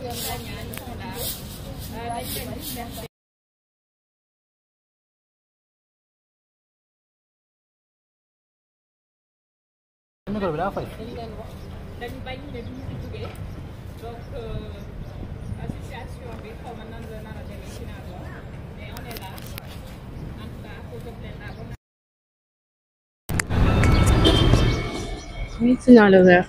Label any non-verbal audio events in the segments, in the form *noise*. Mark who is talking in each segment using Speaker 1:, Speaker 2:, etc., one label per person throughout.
Speaker 1: micro bi daa fay dañ bañ ne duñu fi jógee donc association bi xaw ma nan la nar a demee finalement mais on est là en tout cas pour jëfleen naa ko oui c'est dans le vert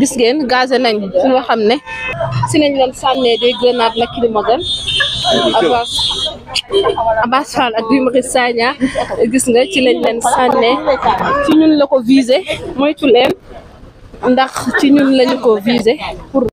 Speaker 1: gis ngeen gazé nañ fi nga xam ne si nañ leen sànnee des grenades lacrymogènes Abass Abass Fall ak Guy Marius Sagna gis nga ci lañ leen sànnee ci ñun la ko visé moytu leen ndax ci ñun lañu ko visé pour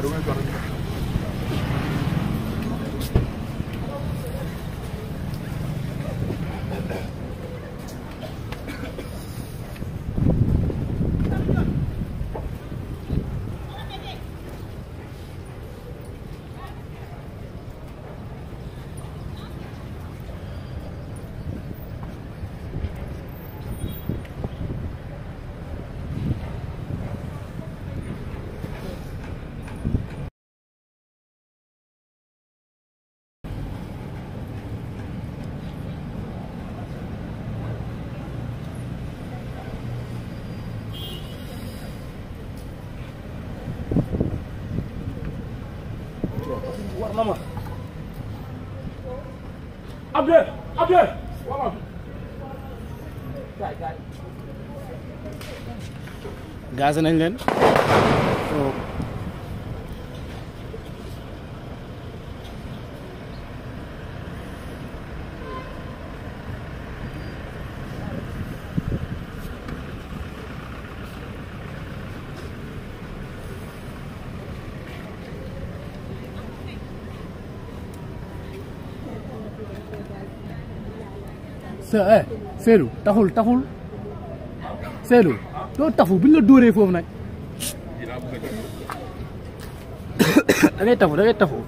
Speaker 1: കാര്യമായിട്ട് soxna ma Abdé Abdé wala nañ leen oh. sa eh Seydou taxul taxul Seydou doo tafu buñ la dóoree foofu nag *coughs* da ngay tafu da tafu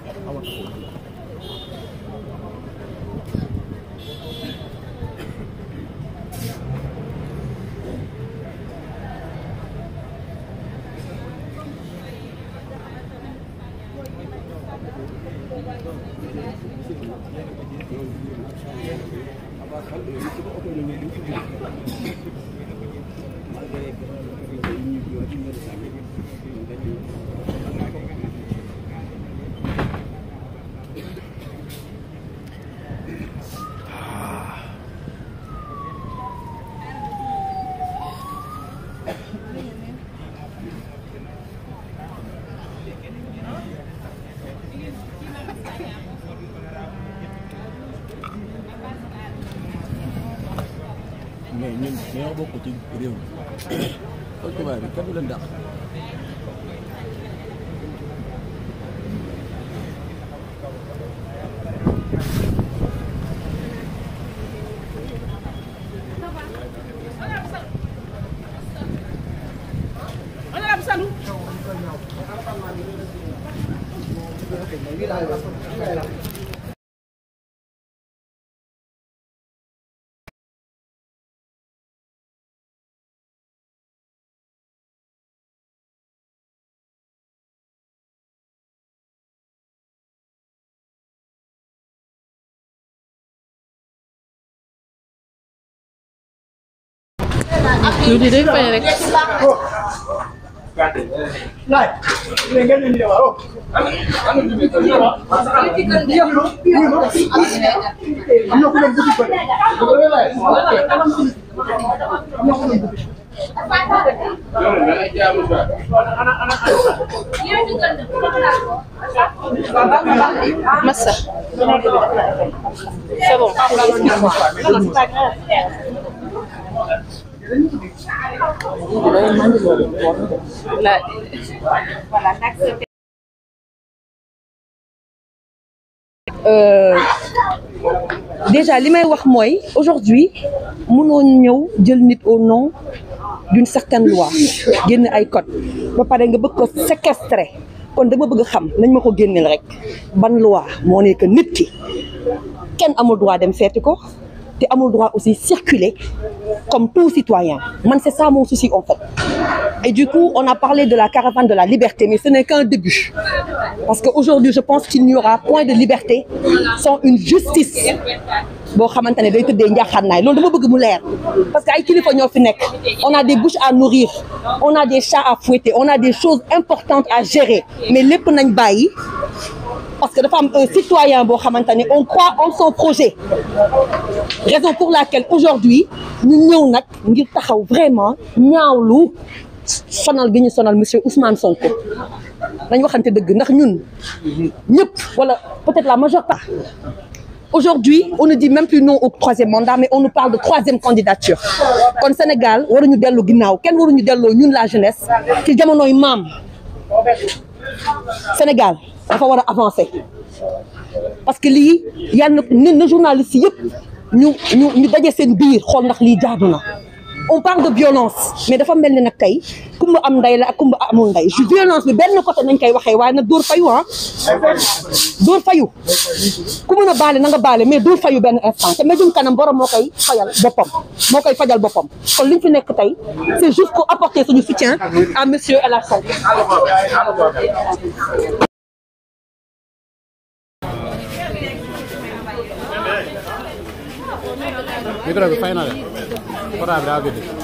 Speaker 1: ñoo bokk ci réew mi *coughs* kon du leen dàq ñu di day fay rek. Massa. C'est bon. Euh, déjà li may wax mooy aujourd'hui mënoo ñëw jël nit au nom du certaine loi génn ay code ba pare nga bëgg ko séquestrer kon dama bëgg xam nañ ma ko génneel rek ban loi moo nekk nit ki kenn amul droit dem seeti ko te amul droit aussi circuler comme tout citoyen man c'est ça mon souci en fait et du coup on a parlé de la caravane de la liberté mais ce n'est qu'un début parce que aujourd'hui je pense qu'il n'y aura point de liberté sans une justice boo xamante ne day tëddee njaaxaan naay loolu dama bëgg mu leer parce que ay kilifa ñoo fi nekk on a des bouches à nourrir on a des chats à fouetter on a des choses importantes à gérer mais lépp nañ bàyyi parce que dafa am un citoyen boo xamante ne on croit en son projet raison pour laquelle aujourd'hui ñu ñëw nag ngir taxaw vraiment ñaawlu sonal gi sonal monsieur Ousmane Sonko dañu waxante dëgg ndax ñun ñëpp wala peut-être la majeure part aujourd'hui on ne dit même plus non au troisième mandat mais on nous parle de troisième candidature kon Sénégal waruñu dellu ginnaaw kenn waruñu delloo ñun la jeunesse ci jamonoy maam Sénégal dafa war a avancer parce que lii yàlla na na journaliste yëpp ñu ñu ñu daje seen biir xool ndax lii jaadu na on parle de violence mais dafa mel ne nag tey kumba am ndey la ak kumba amul ndey ju violence bi benn côté nañ koy waxee waaye nag dóor fayu ah dóor fayu ku mën a baale na nga baale mais dóor fayu benn instant te méjum kanam borom moo koy fajal boppam moo koy boppam kon liñ fi nekk tey c'est juste pour apporter suñu soutien à monsieur El Hadj micro bi fay na de portable daa guddi